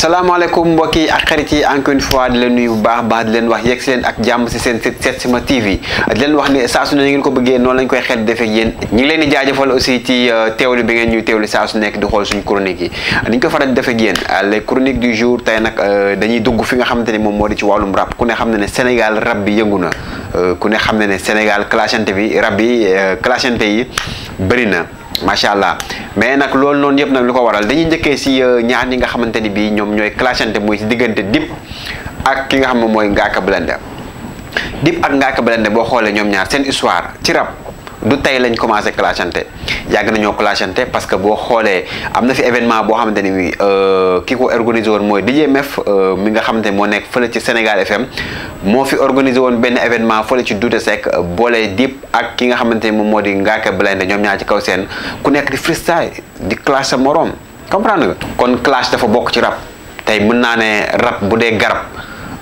salaamaaleykum mbokk yi ak xarit yi encore une fois di leen baax baax leen wax yegg si leen ak jàmm si seen site Setsima TV leen wax ne saa su ne ngeen ko bëggee noonu lañ koy xel defee yéen ñu leen di jaajëfal aussi ci euh, teewlu bi ngeen ñuy teewlu saa su nekk di xool suñu chronique yi dañ ko faral di defee ak yéen euh, les chroniques du jour tey nag euh, dañuy dugg fi nga xamante ni moom moo di ci wàllum rap ku ne xam ne ne Sénégal rap bi yëngu na ku ne xam ne ne Sénégal clashante bi rap bi clashante yi bëri na macha allah mais nag loolu noonu yëpp nag lu ko waral dañuy njëkkee si euh, ñaar yi nga xamante ni bii ñoom ñooy clashante mooy si diggante Dip ak ki nga xam ne mooy Ngaaka Blindé Dip ak Ngaaka Blindé boo xoolee ñoom ñaar seen histoire ci rap du tey lañ commencé clashante yàgg nañoo clashante parce que boo xoolee am na fi événement boo xamante ni bii euh, ki ko organisé woon mooy DJ Mef euh, mi nga xamante moo nekk fële ci Sénégal FM moo fi organisé woon benn événement fële ci Douta Seck boolee Dip ak ki nga xamante ni moom moo di Ngaaka Blindé ñoom ñaar ci kaw seen ku nekk di freestyle di clash sa morom comprendre kon clash dafa bokk ci rab tey mun naa ne rab bu dee garab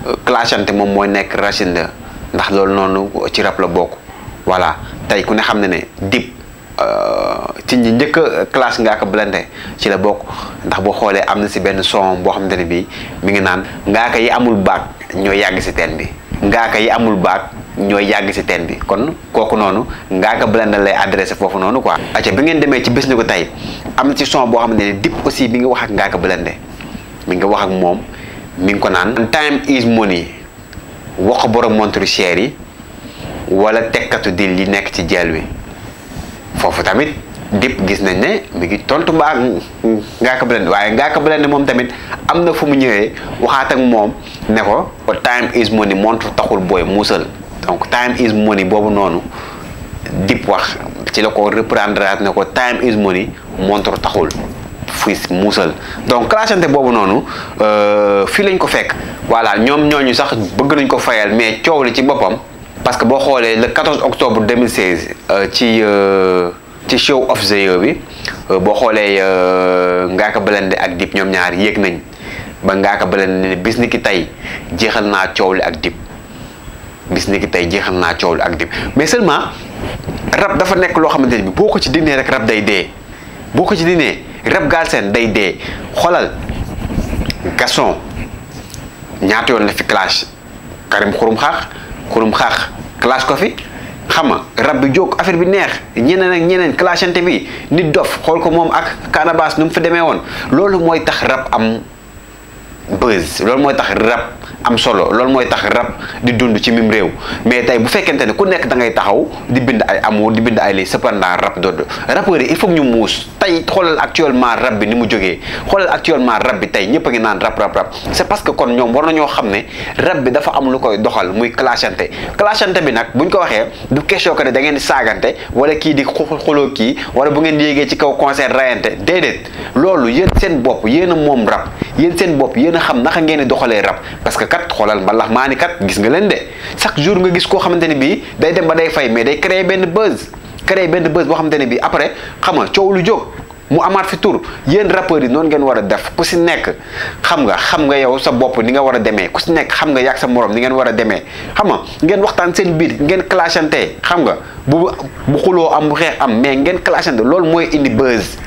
euh, clashante moom mooy nekk racine la ndax loolu noonu ci rap la bokk voilà. tey ku ne xam ne ne dib euh, ci ñi njëkk a classe Ngaaka Blindé ci la bokk ndax boo xoolee am na si benn son boo xam ne ne bii mi ngi naan Ngaaka yi amul baag ñoo yàgg si teen bi Ngaaka yi amul baag ñooy yàgg si teen bi kon kooku noonu Ngaaka Blindé lay adressé foofu noonu quoi. acca bi ngeen demee ci bés ni ko tey am na ci son boo xam ne dip aussi mi ngi wax ak Ngaaka Blindé mi ngi wax ak moom mi ngi ko naan. time is money wax borom montre cher yi. wala tekkatu di li nekk ci jeel wi foofu tamit dip gis nañ ne mi ngi tontu mbaa Ngaaka Blindé waaye Ngaaka Blindé moom tamit am na fu mu ñëwee waxaat ak moom ne ko oh, time is money montre taxul booy muusal donc time is money boobu noonu dip wax ci la ko reprendre ne ko time is money montre taxul fuy muusal donc clashante boobu noonu euh, fii lañ ko fekk voilà ñoom ñooñu sax bëgg nañ ko fayal mais coow li ci boppam parce que boo xoolee le 14 octobre 2016 euh, ci euh, ci show of bi euh, boo xoolee Ngaaka Blindé ak Dip ñoom ñaari yéeg nañ ba Ngaaka Blindé bis ni ki tey jeexal naa coow li ak Dip bis ni ki tey jeexal naa coow li ak Dip mais seulement rab dafa nekk loo xamante ne bi boo ko ci dinee rek rab day dee boo ko ci dinee rab Galsen day dee xoolal Gaston ñaata yoon la fi clash Karim Xurum Xax xurum xaax clash ko fi xam nga rab bi jóg affaire bi neex ñeneen ak ñeneen clashante bi nit dof xool ko moom ak Canabasse nu mu fi demee woon loolu mooy tax rab am buzz loolu mooy tax rab am solo loolu mooy tax rab di dund ci mim réew mais tey bu fekkente ne ku nekk da ngay taxaw di bind ay amour di bind ay lii cependant rab dood rappeurs yi il ñu muus tey xoolal actuellement rab bi ni mu jógee xoolal actuellement rab bi tey ñëpp ngi naan rab rab rab c'est parce que kon ñoom war nañoo xam ne rab bi dafa am koy doxal muy clashante clashante bi nag buñ ko waxee du question que ne da ngeen di saagante wala kii di xuloo kii wala bu ngeen yéegee ci kaw concert rayante déedéet loolu yéen seen bopp yéen a moom rab yéen seen bopp yéen a xam naka ngeen doxalee rab parce que kat xoolal mbalax maani kat gis nga leen de chaque jour nga gis koo xamante ne bii day dem ba day fay mais day créer benn buzz créer benn buzz boo xamante ne bii après xam nga coow lu jóg mu amaat fi tur yéen rappeurs yi noonu ngeen war a def ku si nekk xam nga xam nga yow sa bopp ni nga war a demee ku si nekk xam nga yàgg sa morom ni ngeen war a demee xam nga ngeen waxtaan seen biir ngeen clashante xam nga bu bu xuloo am bu xeex am mais ngeen clashante loolu mooy indi buzz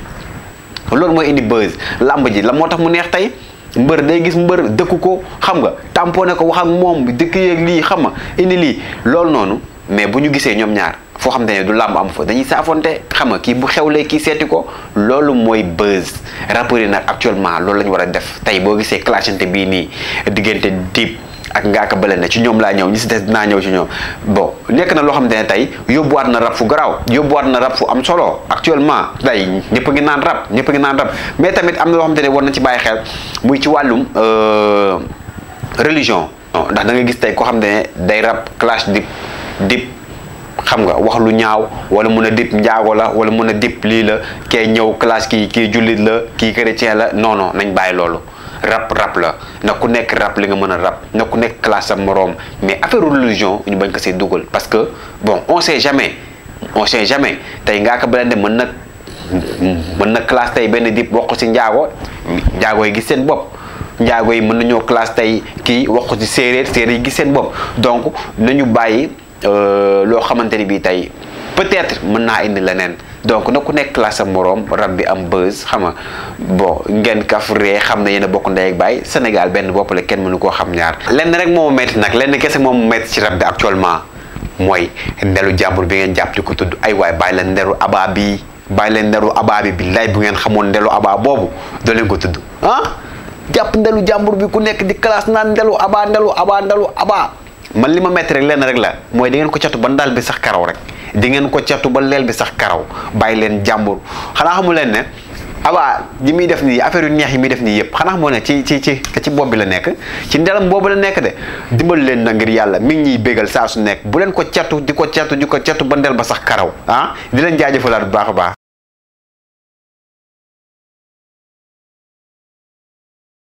loolu mooy indi buzz làmb ji la moo tax mu neex tey. mbër day gis mbër dëkku ko xam nga tamponné ko wax ak moom dëkk yeeg lii xam nga indi lii loolu noonu mais bu ñu gisee ñoom ñaar foo xam ne du làmb am fa dañuy saafonte xam nga kii bu xewlee kii seeti ko loolu mooy buzz rappeurs yi actuellement loolu la ñu war a def tey boo gisee clashante bii nii diggante Dip ak ngaaka bële ne ci ñoom laa ñëw ñi si des dinaa ñëw ci ñoom bon nekk na loo xamante ne tey yóbbuwaat na rab fu garaaw yóbbuwaat na rab fu am solo actuellement tey ñëpp ngi naan rab ñëpp ngi naan rab mais tamit am na loo xamante ne war na ci bàyyi xel muy ci wàllum euh, religion ndax da nga gis tey koo xam ne day rab clash dip dip xam nga wax lu ñaaw wala mun a dip njaago la wala mun a dip lii la kee ñëw clash kii kii jullit la kii chrétien la non non nañ bàyyi loolu rap rap la na ku nekk rap li nga mën a rap na ku nekk classe am moroom mais affaire religion ñu bañ ko see dugal parce que bon on sait jamais on sait jamais tey Ngaaka Blindé mën na mën na classe tey benn dip wax ko ci njaago njaago yi gis seen bopp njaago yi mën nañoo classe tey kii wax ko ci séeréer yi gis seen bopp donc nañu bàyyi euh, loo xamante ni bii tey peut-être mën naa indi leneen donc na ku nekk classe am moroom rab bi am buzz xam nga bon ngeen kaf ree xam ne yéen bokk ndey baay Sénégal benn bopp la kenn mënu koo xam ñaar lenn rek moo metti nag lenn kese moo metti ci rab bi actuellement mooy ndelu jàmbur bi ngeen jàpp ko tudd ay waay bàyyi leen ndelu bi bàyyi leen ndelu abaa bi billaay bu ngeen xamoon ndelu abaa boobu doo ko tudd ah jàpp ndelu jàmbur bi ku nekk di classe naan ndelu abaa ndelu abaa ndelu man li ma rek lenn rek la mooy da ngeen ko catu ba daal bi sax karaw rek di ngeen ko catu ba leel bi sax karaw bàyyi leen jàmbur xanaa xamu leen ne awaa li muy def nii affaire yu neex yi muy def nii yëpp xanaa moo ne ci ci ci ci bopp bi la nekk ci ndelam boobu la nekk de dimbal leen na ngir yàlla mi ñuy béggal saa su nekk bu leen ko catu di ko catu di ko catu ba ndel ba sax karaw ah di leen jaajëfalaat bu baax a baax